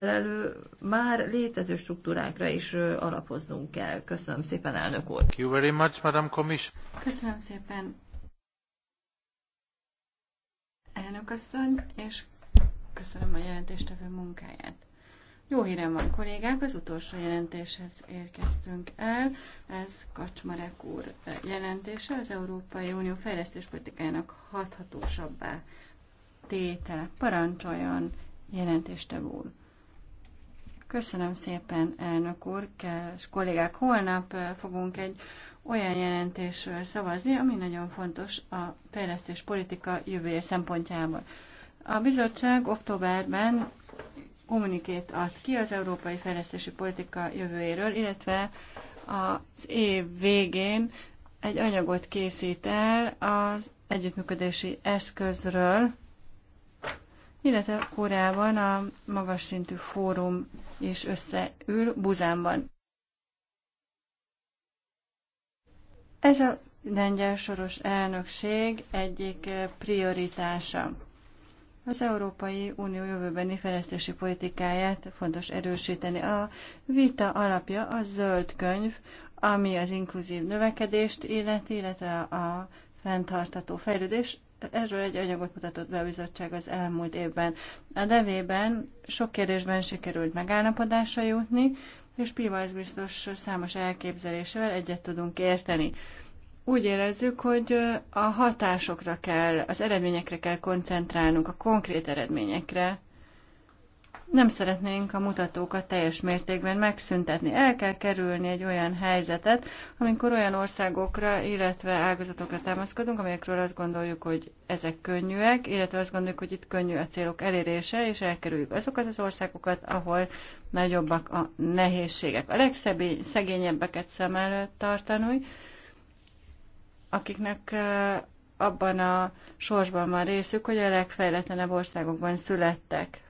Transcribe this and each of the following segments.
megfelelő már létező struktúrákra is alapoznunk kell. Köszönöm szépen, elnök úr. Thank you very much, Madam Commission. Köszönöm szépen, elnök asszony, és köszönöm a jelentéstevő munkáját. Jó hírem van, kollégák, az utolsó jelentéshez érkeztünk el. Ez Kacsmarek úr jelentése, az Európai Unió fejlesztéspolitikájának hathatósabbá tétele. Parancsoljon jelentéstevő úr! Köszönöm szépen, elnök úr, és kollégák, holnap eh, fogunk egy olyan jelentésről szavazni, ami nagyon fontos a fejlesztés politika jövője szempontjából. A bizottság októberben kommunikét ad ki az európai fejlesztési politika jövőjéről, illetve az év végén egy anyagot készít el az együttműködési eszközről, illetve Koreában a magas szintű fórum is összeül Buzánban. Ez a lengyel soros elnökség egyik prioritása. Az Európai Unió jövőbeni fejlesztési politikáját fontos erősíteni. A vita alapja a zöld könyv, ami az inkluzív növekedést illeti, illetve a fenntartató fejlődés. Erről egy anyagot mutatott be a bizottság az elmúlt évben. A devében sok kérdésben sikerült megállapodásra jutni, és Pivasz biztos számos elképzelésével egyet tudunk érteni. Úgy érezzük, hogy a hatásokra kell, az eredményekre kell koncentrálnunk, a konkrét eredményekre, nem szeretnénk a mutatókat teljes mértékben megszüntetni. El kell kerülni egy olyan helyzetet, amikor olyan országokra, illetve ágazatokra támaszkodunk, amelyekről azt gondoljuk, hogy ezek könnyűek, illetve azt gondoljuk, hogy itt könnyű a célok elérése, és elkerüljük azokat az országokat, ahol nagyobbak a nehézségek. A legszegényebbeket szem előtt tartani, akiknek abban a sorsban van részük, hogy a legfejletlenebb országokban születtek.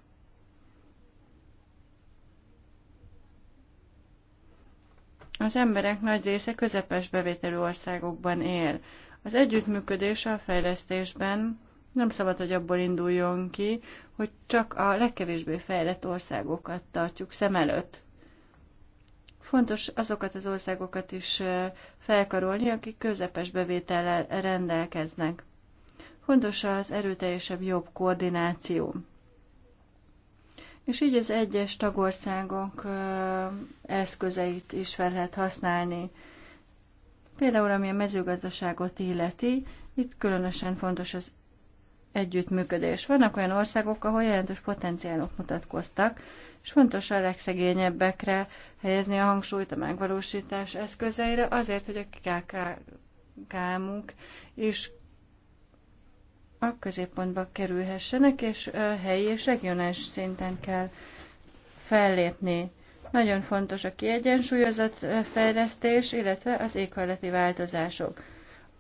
Az emberek nagy része közepes bevételű országokban él. Az együttműködés a fejlesztésben nem szabad, hogy abból induljon ki, hogy csak a legkevésbé fejlett országokat tartjuk szem előtt. Fontos azokat az országokat is felkarolni, akik közepes bevétellel rendelkeznek. Fontos az erőteljesebb jobb koordináció és így az egyes tagországok eszközeit is fel lehet használni. Például, ami a mezőgazdaságot illeti, itt különösen fontos az együttműködés. Vannak olyan országok, ahol jelentős potenciálok mutatkoztak, és fontos a legszegényebbekre helyezni a hangsúlyt a megvalósítás eszközeire, azért, hogy a KKK-muk is a középpontba kerülhessenek, és helyi és regionális szinten kell fellépni. Nagyon fontos a kiegyensúlyozott fejlesztés, illetve az éghajlati változások.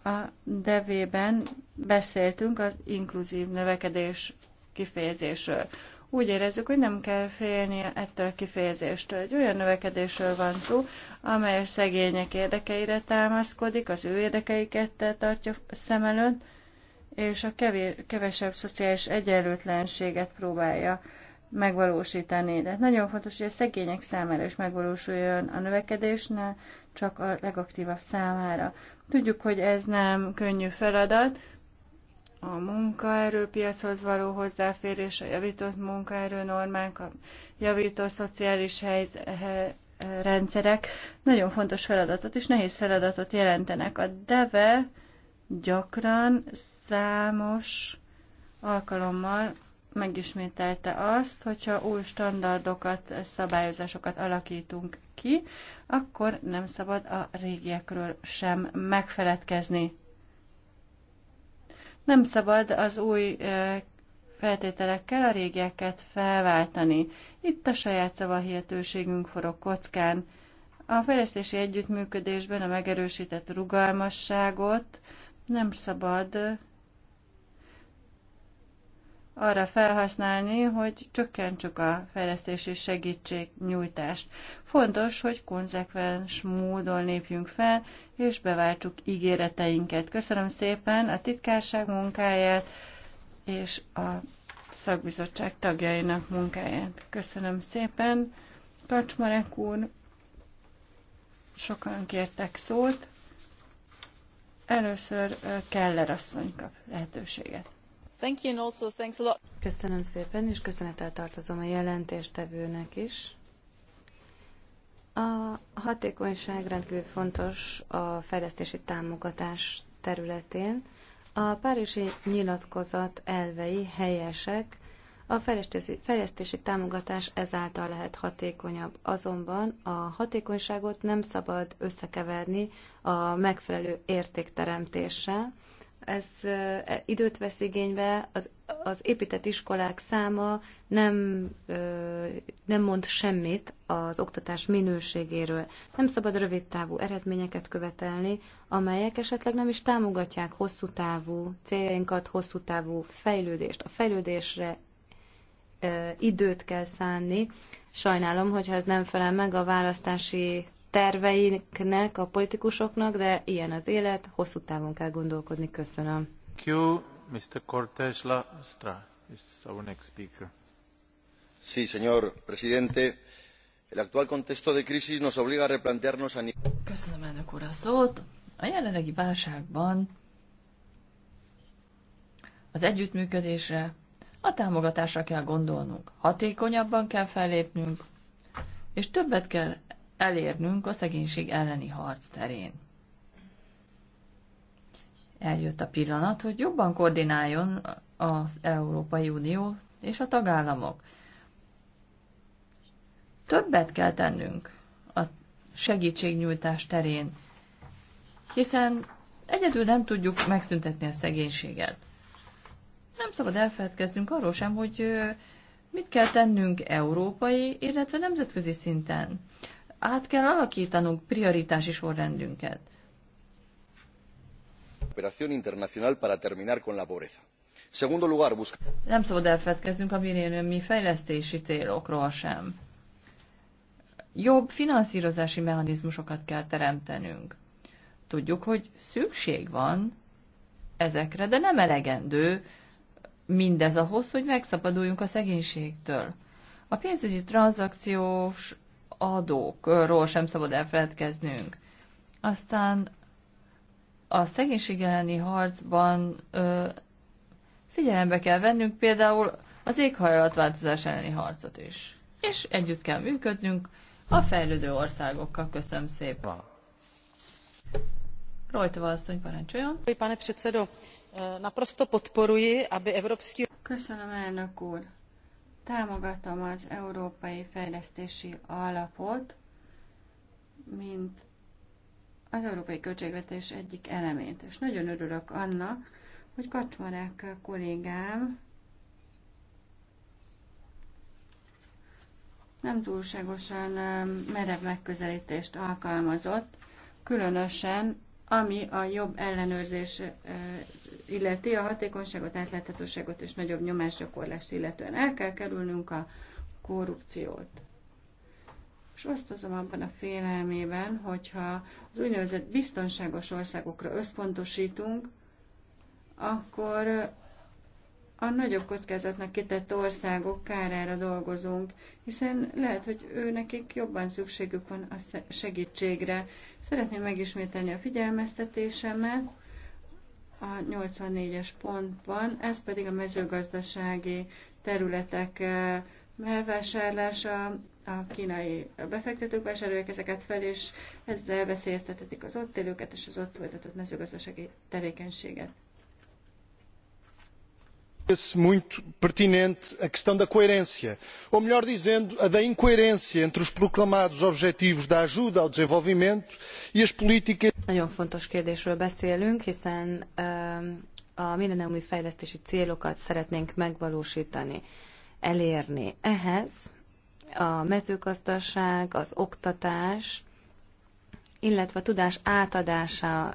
A devében beszéltünk az inkluzív növekedés kifejezésről. Úgy érezzük, hogy nem kell félni ettől a kifejezéstől. Egy olyan növekedésről van szó, amely a szegények érdekeire támaszkodik, az ő érdekeiket tartja szem előtt, és a kevés, kevesebb szociális egyenlőtlenséget próbálja megvalósítani. De hát nagyon fontos, hogy a szegények számára is megvalósuljon a növekedésnél csak a legaktívabb számára. Tudjuk, hogy ez nem könnyű feladat, a munkaerőpiachoz való hozzáférés, a javított munkaerőnormák, a javított szociális helyzet, rendszerek nagyon fontos feladatot és nehéz feladatot jelentenek. A DEVE gyakran számos alkalommal megismételte azt, hogyha új standardokat, szabályozásokat alakítunk ki, akkor nem szabad a régiekről sem megfeledkezni. Nem szabad az új feltételekkel a régieket felváltani. Itt a saját szavahihetőségünk forog kockán. A fejlesztési együttműködésben a megerősített rugalmasságot nem szabad arra felhasználni, hogy csökkentsük a fejlesztési segítségnyújtást. Fontos, hogy konzekvens módon lépjünk fel, és beváltsuk ígéreteinket. Köszönöm szépen a titkárság munkáját, és a szakbizottság tagjainak munkáját. Köszönöm szépen. Kacsmarek úr, sokan kértek szót. Először Keller asszony kap lehetőséget. Thank you, and also thanks a lot. Köszönöm szépen, és köszönettel tartozom a jelentéstevőnek is. A hatékonyság rendkívül fontos a fejlesztési támogatás területén. A párizsi nyilatkozat elvei helyesek, a fejlesztési, fejlesztési támogatás ezáltal lehet hatékonyabb. Azonban a hatékonyságot nem szabad összekeverni a megfelelő értékteremtéssel, ez e, időt vesz igénybe, az, az épített iskolák száma nem, nem mond semmit az oktatás minőségéről. Nem szabad rövid távú eredményeket követelni, amelyek esetleg nem is támogatják hosszú távú céljainkat, hosszú távú fejlődést. A fejlődésre időt kell szánni. Sajnálom, hogyha ez nem felel meg a választási terveinknek, a politikusoknak, de ilyen az élet, hosszú távon kell gondolkodni. Köszönöm. Q, Mr. Cortés Lastra is our next speaker. Sí, señor presidente. El actual contexto de crisis nos obliga a replantearnos a... Köszönöm elnök úr a szót. A jelenlegi válságban az együttműködésre, a támogatásra kell gondolnunk. Hatékonyabban kell fellépnünk, és többet kell elérnünk a szegénység elleni harc terén. Eljött a pillanat, hogy jobban koordináljon az Európai Unió és a tagállamok. Többet kell tennünk a segítségnyújtás terén, hiszen egyedül nem tudjuk megszüntetni a szegénységet. Nem szabad elfeledkeznünk arról sem, hogy mit kell tennünk európai, illetve nemzetközi szinten át kell alakítanunk prioritási sorrendünket. Operación internacional para terminar con la pobreza. Segundo lugar, busca... Nem szabad elfedkeznünk a mi fejlesztési célokról sem. Jobb finanszírozási mechanizmusokat kell teremtenünk. Tudjuk, hogy szükség van ezekre, de nem elegendő mindez ahhoz, hogy megszabaduljunk a szegénységtől. A pénzügyi tranzakciós adókról sem szabad elfeledkeznünk. Aztán a szegénység elleni harcban ö, figyelembe kell vennünk például az éghajlatváltozás elleni harcot is. És együtt kell működnünk a fejlődő országokkal. Köszönöm szépen. Rojtova asszony, parancsoljon. Pane Köszönöm, elnök úr. Támogatom az Európai Fejlesztési Alapot, mint az európai költségvetés egyik elemét. És nagyon örülök annak, hogy Kacsmarák kollégám nem túlságosan um, merev megközelítést alkalmazott, különösen ami a jobb ellenőrzés uh, illeti a hatékonyságot, átláthatóságot és nagyobb nyomásgyakorlást illetően. El kell kerülnünk a korrupciót. És osztozom abban a félelmében, hogyha az úgynevezett biztonságos országokra összpontosítunk, akkor a nagyobb kockázatnak kitett országok kárára dolgozunk, hiszen lehet, hogy ő nekik jobban szükségük van a segítségre. Szeretném megismételni a figyelmeztetésemet, a 84-es pontban, ez pedig a mezőgazdasági területek eh, elvásárlása, a kínai befektetők vásárolják ezeket fel, és ezzel veszélyeztethetik az ott élőket és az ott folytatott mezőgazdasági tevékenységet muito pertinente a questão da coerência ou melhor dizendo a da incoerência entre os proclamados objetivos da ajuda ao desenvolvimento e as políticas. Nagyon fontos kérdésről beszélünk, hiszen ehm, a millenniumi fejlesztési célokat szeretnénk megvalósítani, elérni. Ehhez a mezőgazdaság, az oktatás illetve a tudás átadása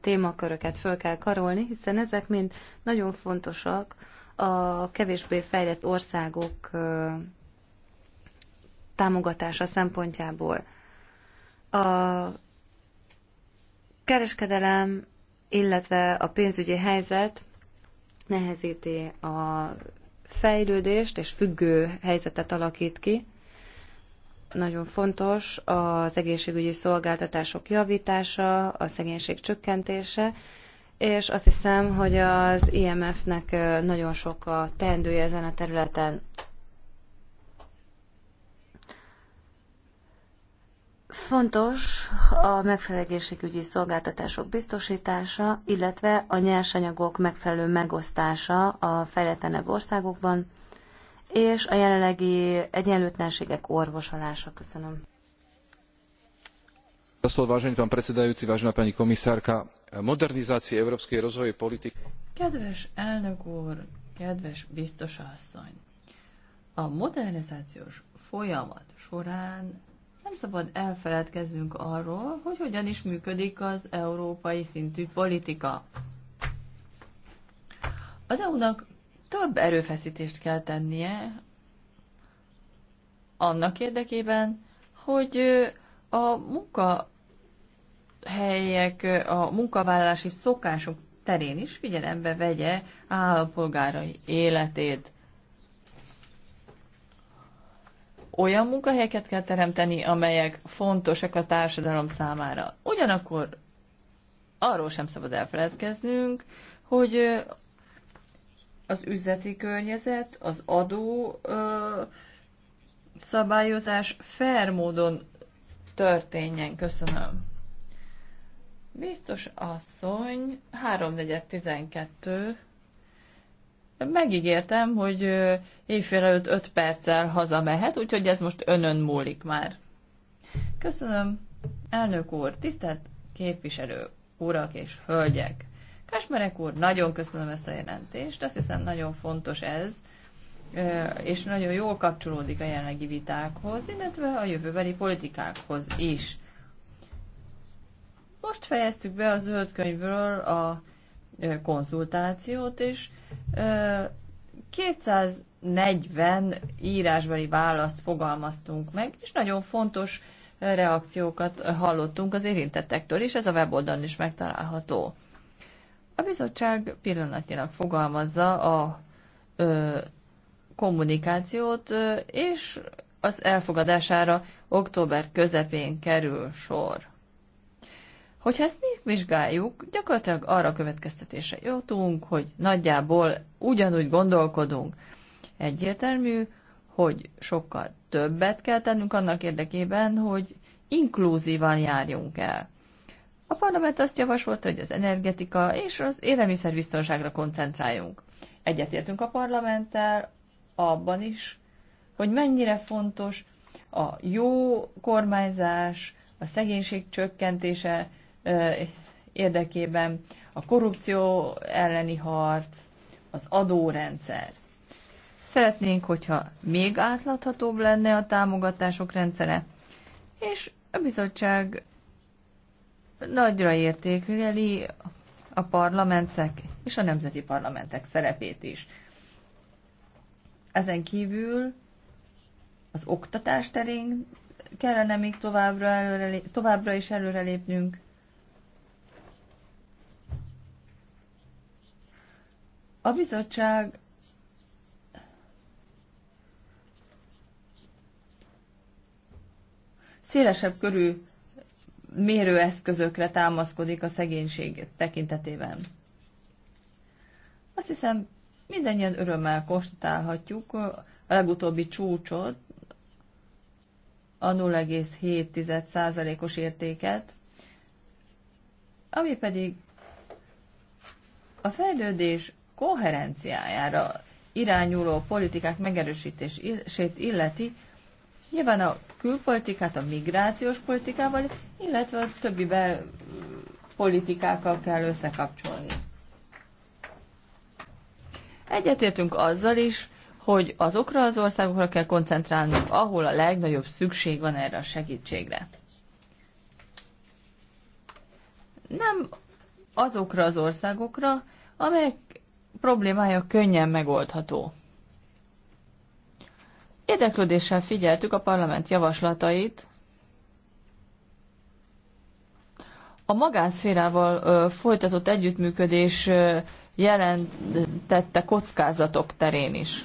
témaköröket föl kell karolni, hiszen ezek mind nagyon fontosak a kevésbé fejlett országok támogatása szempontjából. A kereskedelem, illetve a pénzügyi helyzet nehezíti a fejlődést és függő helyzetet alakít ki, nagyon fontos az egészségügyi szolgáltatások javítása, a szegénység csökkentése, és azt hiszem, hogy az IMF-nek nagyon sok a teendője ezen a területen. Fontos a megfelelő egészségügyi szolgáltatások biztosítása, illetve a nyersanyagok megfelelő megosztása a fejletlenebb országokban, és a jelenlegi egyenlőtlenségek orvosolása. Köszönöm. Vážený pán predsedajúci, vážená pani komisárka, modernizácie európskej rozvojovej politiky. Kedves elnök úr, kedves biztos asszony, a modernizációs folyamat során nem szabad elfeledkezünk arról, hogy hogyan is működik az európai szintű politika. Az EU-nak több erőfeszítést kell tennie annak érdekében, hogy a munkahelyek, a munkavállalási szokások terén is figyelembe vegye állampolgárai életét. Olyan munkahelyeket kell teremteni, amelyek fontosak a társadalom számára. Ugyanakkor arról sem szabad elfeledkeznünk, hogy az üzleti környezet, az adó ö, szabályozás fair módon történjen. Köszönöm. Biztos asszony, 3.4.12. Megígértem, hogy éjfél előtt 5 perccel hazamehet, úgyhogy ez most önön múlik már. Köszönöm, elnök úr, tisztelt képviselő, urak és hölgyek! Kesmerek úr, nagyon köszönöm ezt a jelentést, azt hiszem nagyon fontos ez, és nagyon jól kapcsolódik a jelenlegi vitákhoz, illetve a jövőbeli politikákhoz is. Most fejeztük be a zöld könyvről a konzultációt, és 240 írásbeli választ fogalmaztunk meg, és nagyon fontos reakciókat hallottunk az érintettektől, és ez a weboldalon is megtalálható. A bizottság pillanatnyilag fogalmazza a ö, kommunikációt, ö, és az elfogadására október közepén kerül sor. Hogyha ezt mi vizsgáljuk, gyakorlatilag arra következtetése jutunk, hogy nagyjából ugyanúgy gondolkodunk. Egyértelmű, hogy sokkal többet kell tennünk annak érdekében, hogy inkluzívan járjunk el. A parlament azt javasolta, hogy az energetika és az élelmiszerbiztonságra koncentráljunk. Egyetértünk a parlamenttel abban is, hogy mennyire fontos a jó kormányzás, a szegénység csökkentése érdekében, a korrupció elleni harc, az adórendszer. Szeretnénk, hogyha még átláthatóbb lenne a támogatások rendszere, és a bizottság Nagyra értékeli a parlamentek és a nemzeti parlamentek szerepét is. Ezen kívül az oktatás terén kellene még továbbra, előre, továbbra is előrelépnünk. A bizottság szélesebb körű mérőeszközökre támaszkodik a szegénység tekintetében. Azt hiszem, mindannyian örömmel konstatálhatjuk a legutóbbi csúcsot, a 0,7%-os értéket, ami pedig a fejlődés koherenciájára irányuló politikák megerősítését illeti, Nyilván a külpolitikát a migrációs politikával, illetve a többi politikákkal kell összekapcsolni. Egyetértünk azzal is, hogy azokra az országokra kell koncentrálnunk, ahol a legnagyobb szükség van erre a segítségre. Nem azokra az országokra, amelyek problémája könnyen megoldható. Érdeklődéssel figyeltük a parlament javaslatait a magánszférával folytatott együttműködés jelentette kockázatok terén is.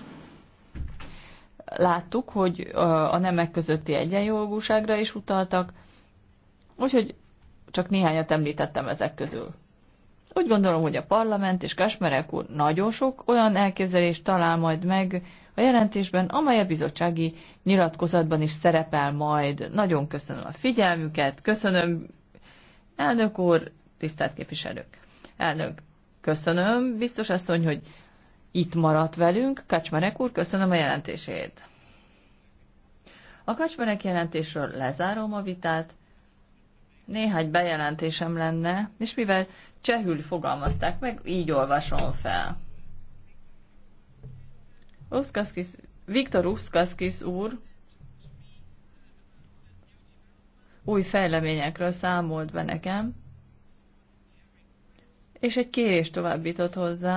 Láttuk, hogy a nemek közötti egyenjogúságra is utaltak, úgyhogy csak néhányat említettem ezek közül. Úgy gondolom, hogy a parlament és Kasmerek úr nagyon sok olyan elképzelést talál majd meg, a jelentésben, amely a bizottsági nyilatkozatban is szerepel majd. Nagyon köszönöm a figyelmüket, köszönöm elnök úr, tisztelt képviselők. Elnök, köszönöm, biztos asszony, hogy itt maradt velünk. Kacsmerek úr, köszönöm a jelentését. A kacsmerek jelentésről lezárom a vitát. Néhány bejelentésem lenne, és mivel csehül fogalmazták meg, így olvasom fel. Uszkaszkis, Viktor Uszkaszkis úr új fejleményekről számolt be nekem, és egy kérést továbbított hozzá,